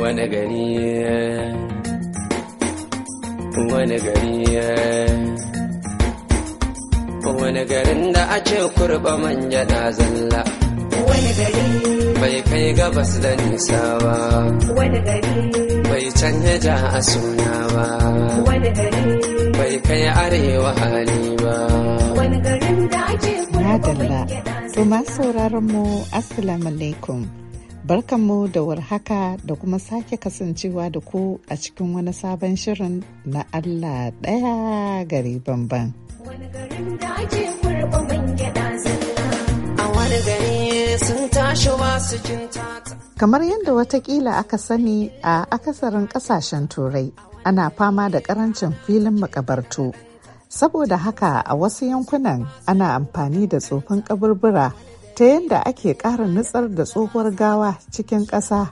wani gari wani gari wani garin da a ce kurba manja na zalla wani gari bai kai gabas da nisa ba wani gari bai canja ja a suna ba wani gari bai kai arewa hali ba wani garin da a ce kurba manja na zalla to ma sauraron mu assalamu alaikum Barkanmu da warhaka da kuma sake kasancewa da ku a cikin wani sabon shirin na Allah ɗaya gari banban. Kamar yadda watakila aka sani a akasarin ƙasashen turai ana fama da ƙarancin filin makabartu. Saboda haka a wasu yankunan ana amfani da tsofin kaburbura ta yadda ake ƙara nutsar da tsohuwar gawa cikin ƙasa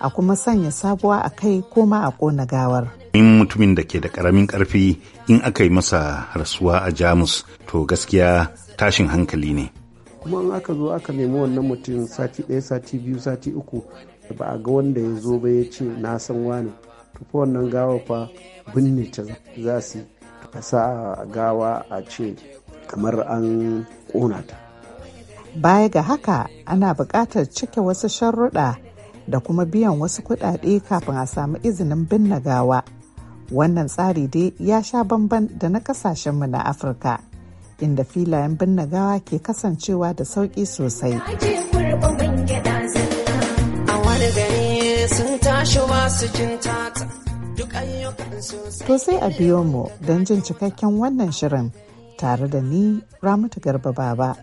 a kuma sanya sabuwa a kai koma a ƙona gawar. In mutumin da ke da ƙaramin ƙarfi in aka yi masa rasuwa a Jamus to gaskiya tashin hankali ne. Kuma in aka zo aka nemi wannan mutum sati ɗaya sati biyu sati uku ba a ga wanda ya zo ba ya ce na san wani. Tufa wannan gawa fa binne ta za su yi. sa gawa a ce kamar an ƙona ta Baya ga haka ana buƙatar cike wasu sharruɗa da kuma biyan wasu kuɗaɗe kafin a samu izinin binne gawa. Wannan tsari dai ya sha bamban da na ƙasashenmu na Afirka, inda filayen binne gawa ke kasancewa da sauƙi sosai. To sai a biyo mu don jin cikakken wannan shirin tare da ni Ramatu Garba Baba.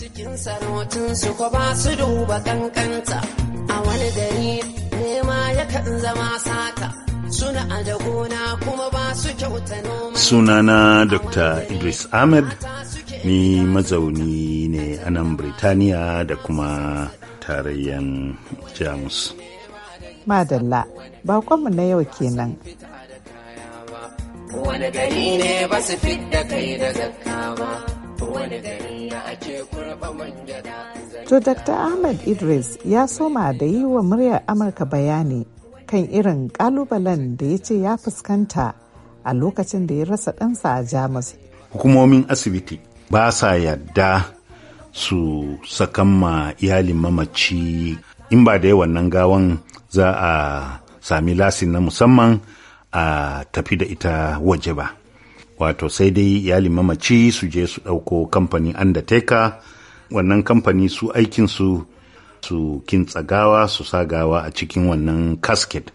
Cikin sarautin su ko ba su duba kankanta a wani gari nema yakan zama sata. Suna da gona kuma ba su kyauta noma. Sunana Dr. Idris Ahmed ni mazauni ne a nan Birtaniya da kuma tarayyan Jamus. Madalla, bakonmu na yau kenan. Wani gari ne ba su fit da kai da zakka ba. To Dr. Ahmed Idris ya soma da yi wa muryar Amurka bayani kan irin kalubalen da ya ce ya fuskanta a lokacin da ya rasa ɗansa a Jamus. Hukumomin asibiti ba sa yadda su sakan ma iyalin mamaci in ba da yawan nan gawan za a sami lasin na musamman a tafi da ita waje ba. wato sai dai iyalin mamaci su je su ɗauko kamfanin undertaker wannan kamfani su aikinsu su kintsa gawa su sa gawa a cikin wannan casket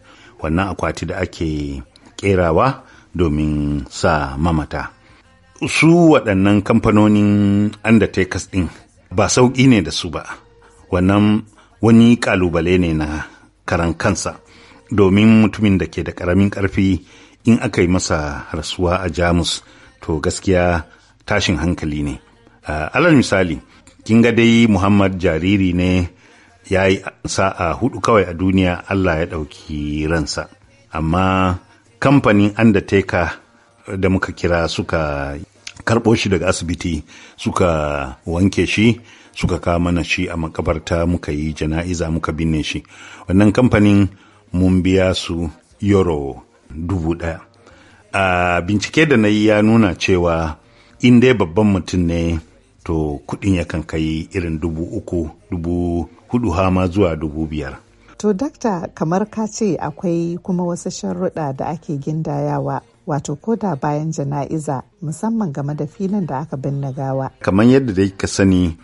wannan akwati da ake kerawa domin sa mamata su waɗannan kamfanonin undertakers ɗin ba sauƙi ne da su ba wannan wani ƙalubale ne na karan kansa domin mutumin da ke da ƙaramin ƙarfi in aka yi masa rasuwa a jamus to gaskiya tashin hankali ne alal misali kin ga dai muhammad jariri ne ya yi sa'a hudu kawai a duniya allah ya ɗauki ransa amma kamfanin undertaker da muka kira suka karɓo shi daga asibiti suka wanke shi suka kawo mana shi a makabarta muka yi jana'iza muka binne shi wannan kamfanin mun biya su euro dubu ɗaya a bincike da na yi ya nuna cewa in dai babban mutum ne to kuɗin yakan kai irin dubu uku dubu hudu hama zuwa dubu biyar to dakta kamar ka ce akwai kuma wasu sharruɗa da ake gindayawa wato koda bayan jana'iza musamman game da filin da aka binne gawa kamar yadda dai ka sani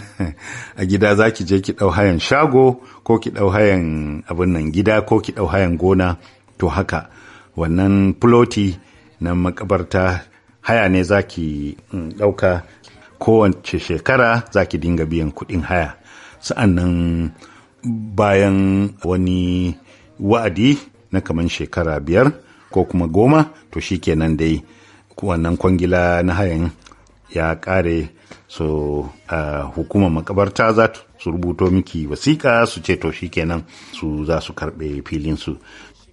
a gida za ki je ki ɗau hayan shago ko ki ɗau hayan abin nan gida ko ki ɗau hayan gona to haka wannan fuloti na makabarta haya ne za ki mm, ɗauka kowace shekara za ki dinga biyan kuɗin haya sa'annan bayan wani wa'adi na kaman shekara biyar ko kuma goma to shi kenan dai wannan kwangila na hayan ya ƙare so uh, hukumar makabarta za su rubuto miki wasiƙa su ce to shi kenan su za su karɓe su.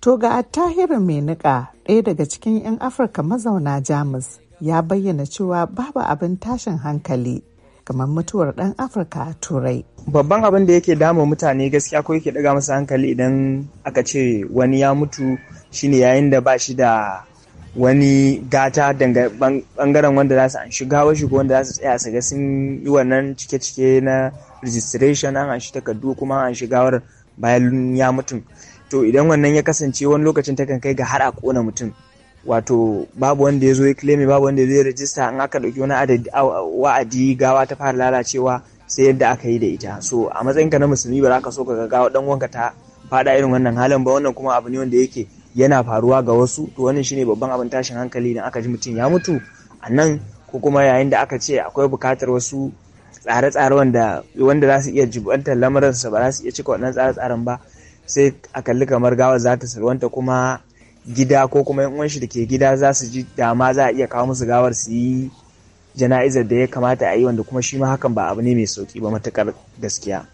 To ga attahiru mai nika ɗaya daga cikin 'yan Afirka mazauna Jamus ya bayyana cewa babu abin tashin hankali kamar mutuwar ɗan Afirka a Turai. Babban abin da yake dama mutane gaskiya ko yake ɗaga masa hankali idan aka ce wani ya mutu shine yayin da ba shi da wani gata bangaren wanda za su an shiga wa shigo wanda za su tsaya su ga sun yi wannan cike-cike na registration an an shi takardu kuma an shiga bayan ya mutum to idan wannan ya kasance wani lokacin takan kai ga har a kona mutum wato babu wanda ya zo ya claim babu wanda zai rajista in aka dauki wani adadi wa'adi gawa ta fara lalacewa sai yadda aka yi da ita so a matsayinka na musulmi ba za ka so ka ga gawa dan wanka ta fada irin wannan halin ba wannan kuma abu ne wanda yake yana faruwa ga wasu to wannan shine babban abin tashin hankali idan aka ji mutum ya mutu a nan ko kuma yayin da aka ce akwai bukatar wasu tsare-tsare wanda wanda za su iya jibantar lamarinsa ba za su iya cika wannan tsare-tsaren ba sai a kalli kamar gawar za ta salwanta kuma gida ko kuma yan uwanshi da ke gida za su ji dama za a iya kawo musu gawar su yi jana'izar da ya kamata a yi wanda kuma shi ma hakan ba abu ne mai sauki ba matukar gaskiya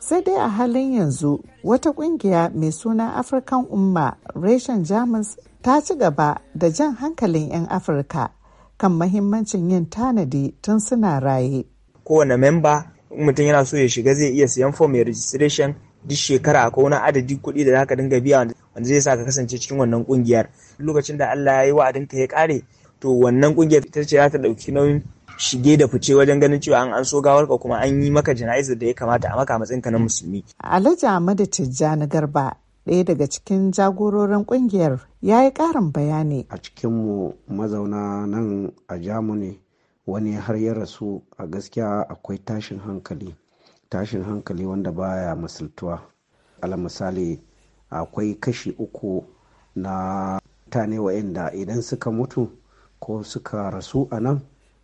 sai dai a halin yanzu wata kungiya mai suna african umma reshen jamus ta ci gaba da jan hankalin 'yan afirka kan mahimmancin yin tanadi tun suna raye kowane memba mutum yana so ya shiga zai iya siyan fom ya registration duk shekara akwai wani adadi kuɗi da zaka dinga biya wanda zai sa ka kasance cikin wannan kungiyar lokacin da Allah ya yi wa'adin ka ya kare to wannan ƙungiyar ita ce za ta dauki nauyin shige da fice wajen ganin cewa an so gawar ka kuma an yi maka jana'izar da ya kamata a maka matsayin ka na musulmi Alhaji Ahmadu Tijjani Garba ɗaya daga cikin jagororin ƙungiyar ya yi ƙarin bayani a cikin mu mazauna nan a Jamu wani har ya rasu a gaskiya akwai tashin hankali tashin hankali wanda baya misaltuwa alal misali akwai kashi uku na mutane wa'inda idan suka mutu ko suka rasu a nan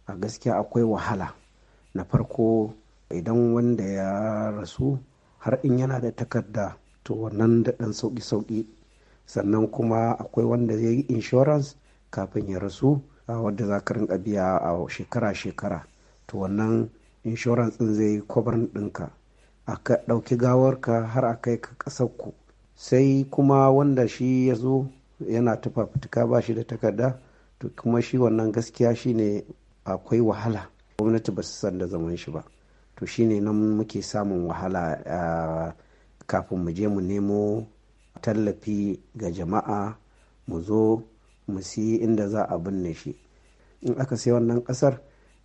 a gaskiya akwai wahala na farko idan wanda ya rasu har in yana da takarda to wannan da ɗan sauƙi-sauƙi sannan kuma akwai wanda zai yi insurance kafin ya rasu wadda za ka biya a shekara-shekara to wannan insurance ɗin zai yi kwabarin ɗinka aka ɗauki ka har a kai ka ƙasar ku sai kuma wanda shi ya zo yana tufa fitika ba shi da takarda to kuma shi wannan gaskiya shine akwai wahala gwamnati ba su san da zaman shi ba to shine nan muke samun wahala kafin mu je mu nemo tallafi ga jama'a mu zo mu siyi inda za a binne shi in aka sai wannan ƙasar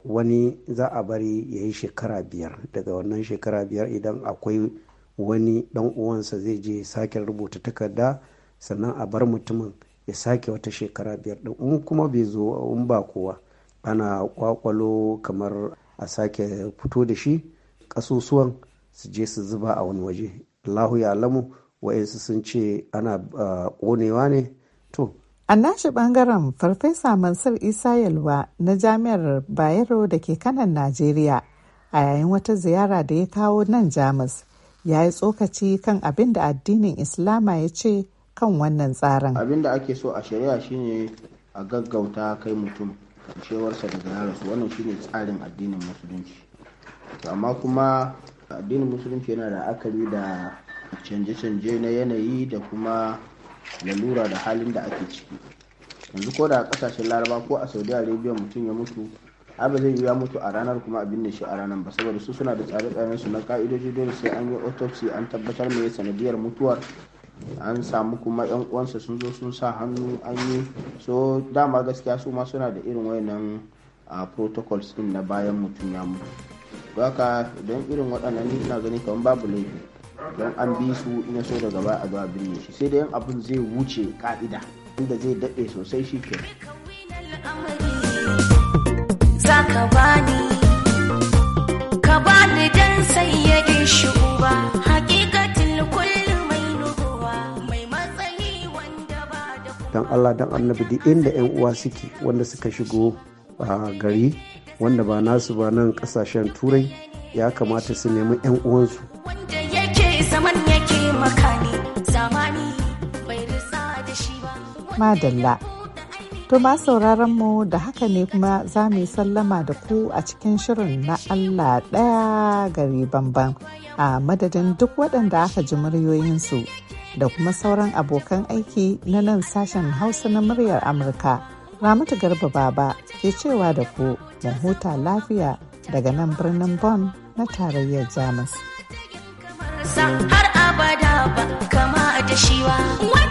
wani za a bari ya yi shekara biyar daga wannan shekara biyar idan akwai wani dan uwansa zai je sake rubuta takarda sannan a bar mutumin ya sake wata shekara biyar din in kuma bai zo in ba kowa ana kwakwalo kamar a sake fito da shi kasusuwan su je su zuba a wani waje allahu ya alamu wa'insu sun ce ana konewa ah, ne to A nashi bangaren Farfesa Mansur Isa Yalwa na Jami'ar Bayero da ke kanan Najeriya a yayin wata ziyara da ya kawo nan Jamus ya yi tsokaci kan abin da addinin Islama ya ce kan wannan tsarin. Abin da ake so a shari'a shine a gaggauta kai mutum cewarsa daga ya wannan shine tsarin addinin musulunci. Amma kuma addinin musulunci yana da akali da canje-canje na yanayi da kuma lalura da halin da ake ciki yanzu ko da a kasashen laraba ko a saudi arabia mutum ya mutu abu zai yi ya mutu a ranar kuma abin da shi a ranar ba saboda su suna da tsare-tsaren su na ka'idoji dole sai an yi autopsy an tabbatar mai sanadiyar mutuwar an samu kuma yan uwansa sun zo sun sa hannu an yi so dama gaskiya su ma suna da irin wayannan protocols din na bayan mutum ya mutu don irin waɗannan ina gani kamar babu laifi don an bi su ina so daga ba a zuwa birni shi sai dai abin zai wuce ka'ida inda zai daɗe sosai shi ke ka ka bani dan hakikatin mai nubuwa Allah dan annabi duk inda yan uwa suke wanda suka shigo a gari wanda ba nasu ba nan kasashen turai ya kamata su nemi yan uwansu wanda zaman yake madalla to ma sauraron mu da haka ne kuma za mu sallama da ku a cikin shirin na Allah ɗaya gari bamban a madadin duk waɗanda aka ji muryoyinsu da kuma sauran abokan aiki na nan sashen hausa na muryar amurka ramatu garba baba ke cewa da ku mu lafiya daga nan birnin Bon na tarayyar jamus har abada ba kama da shi ba.